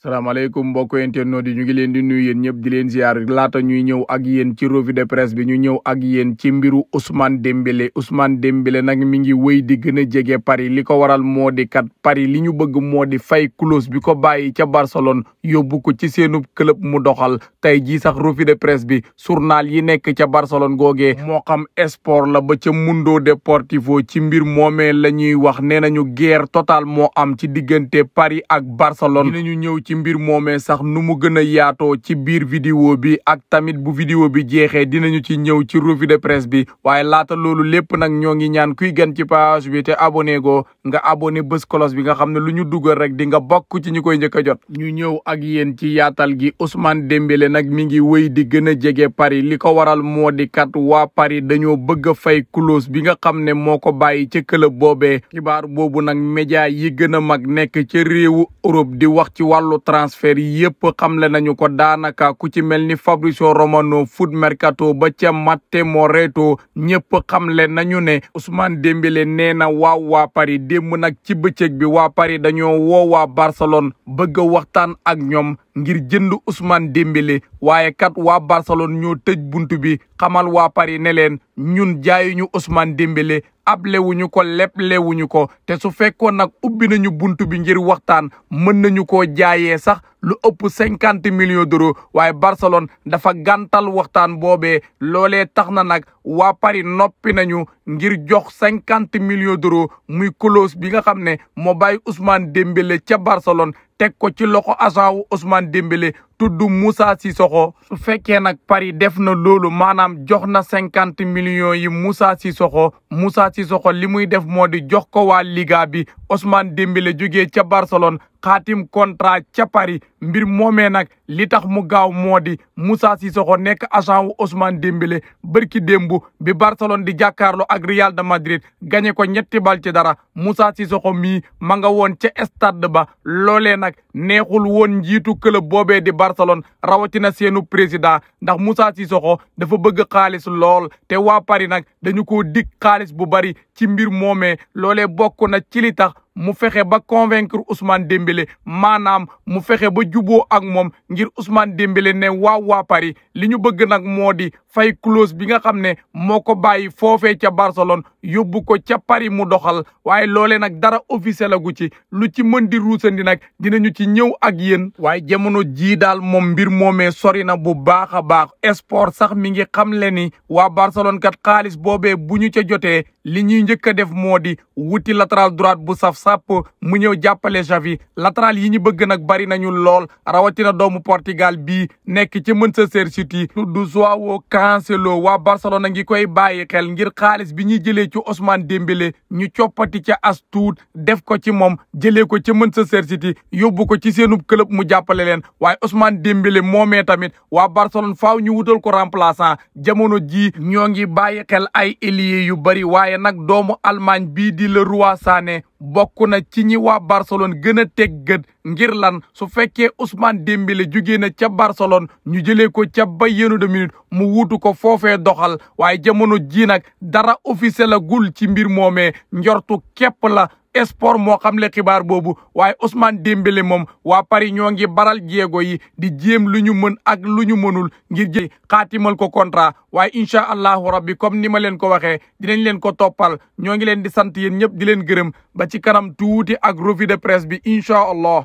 salaamaaleykum mbokk internet yi ñu ngi leen di nuyu yéen ñëpp di leen ziar laata ñuy ñëw ak yéen ci revue de presse bi ñu ñëw ak yéen ci mbiru Ousmane Dembélé Ousmane dembile nag mi ngi wéy di gën a jege Paris li ko waral moo di kat Paris li ñu bëgg moo di fay clause bi ko bàyyi ca Barcelone yóbbu ko ci seenub club mu doxal tey jii sax revue de presse bi journal yi nekk ca Barcelone googee moo xam sport la ba ca Mundo Deportivo ci mbir moomee la ñuy wax nee ñu guerre totale moo am ci diggante Paris ak Barcelone dinañu ñëw mbir moomee sax nu mu gën a yaatoo ci biir vidéo bi ak tamit bu vidéo bi jeexee dinañu ci ñëw ci revue de presse bi waaye laata loolu lépp nag ñoo ngi ñaan kuy gan ci page bi te abonné go nga abonné bés kolos bi nga xam ne lu ñu dugal rek di nga bokk ci ñu koy njëkk a jot ñu ñëw ak yéen ci yaatal gi Ousmane Dembélé nag mi ngi wéy di gën a jege Paris li ko waral moo di kat waa Paris dañoo bëgg a fay clause bi nga xam ne moo ko bàyyi ca club boobee xibaar boobu nag média yi gën a mag nekk ca réewu Europe di wax ci wàllu transfert yi yëpp xamle nañu ko daanaka ku ci mel ni Fabrizio Romano foot mercato ba ca Matte Moreto ñëpp xamle nañu ne Ousmane Dembélé nee na waaw waa Paris démb nag ci bëccëg bi waa pari dañoo woo waa Barcelone bëgg waxtaan ak ñoom ngir jënd usmaan Dembélé waaye kat waa Barcelone ñoo tëj buntu bi xamal waa Paris ne leen ñun jaayuñu Ousmane Dembélé ablewuñu ko leblewuñu ko te su fekkoon nag ubbi nañu bunt bi ngir waxtaan mën nañu ko jaayee sax lu ëpp cinquante millions d'euros waaye Barcelone dafa gàntal waxtaan boobee loole tax na nag waa pari noppi nañu ngir jox cinquante millions d'euros muy clause bi nga xam ne moo bàyyi Ousmane Dembélé ca Barcelone teg ko ci loxo agent wu Ousmane Dembélé tudd Moussa Cissokho su fekkee nag Paris def na loolu maanaam jox na cinquante millions yi Moussa Cissokho Moussa Cissokho li muy def moo di jox ko wa Liga bi Ousmane Dembélé jóge ca Barcelone xaatim contrat ca Paris mbir moomee nag li tax mu gaaw moo di Moussa Cissokho nekk agent wu Ousmane Dembélé bërki démb bi Barcelone di jàkkaarloo ak Real de Madrid gañe ko ñetti bal ci dara Moussa Cissokho mii ma nga woon ca stade ba loolee nag neexul woon njiitu club boobee di Barcelone Barcelone rawatina seenu président ndax Moussa Sissoko dafa bëgg xaalis lool te waa pari nag dañu ko dig xaalis bu bari ci mbir moomee loolee bokk na ci li tax mu fexe ba convaincre Ousmane Dembélé maanaam mu fexe ba juboo ak moom ngir Ousmane Dembélé ne waaw wa pari li ñu bëgg nag moo di fay clause bi nga xam ne moo ko bàyyi foofee ca Barcelone yóbbu ko ca pari mu doxal waaye loolee nag dara officiel agu ci lu ci mën di ruusandi nag dinañu ci ñëw ak yéen waaye jamono jii daal moom mbir moomee sori na bu baax a baax sport sax mi ngi xam le ni waa Barcelone kat xaalis boobee bu ñu ca jotee li ñuy njëkk a def moo di wuti latéral droite bu saf sàpp mu ñëw jàppale Xavi latéral yi ñu bëgg nag bari nañu lool rawatina doomu portigal bii nekk ci Manchester City du Joao Cancelo waa Barcelona ngi koy bàyyi xel ngir xaalis bi ñuy jëlee ci Ousmane Dembélé ñu copati ca as tuut def ko ci moom jëlee ko ca Manchester City yóbbu ko ci seenub club mu jàppale leen waaye Ousmane Dembélé moomee tamit waa Barcelone faw ñu wutal ko remplaçant jamono ji ñoo ngi bàyyi xel ay ailier yu bari waaye nag doomu Allemagne bii di le roi Sané bokk na ci ñi waa Barcelone gën a teg gët ngir lan su fekkee Ousmane Dembélé jugee na ca Barcelone ñu jëlee ko ca Bayern de mu wuutu ko foofee doxal waaye jamono ji nag dara officiel la gul ci mbir moomee njortu képp la sport moo xam le xibaar boobu waaye Ousmane Dembélé moom waa pari ñoo ngi baral jéego yi di jéem lu ñu mën ak lu ñu mënul ngir yi xaatimal ko contrat waaye incha allahu rabbi comme ni ma leen ko waxee dinañ leen ko toppal ñoo ngi leen di sant yéen ñëpp di leen gërëm ba ci kanam tuuti ak rovie de presse bi incha allah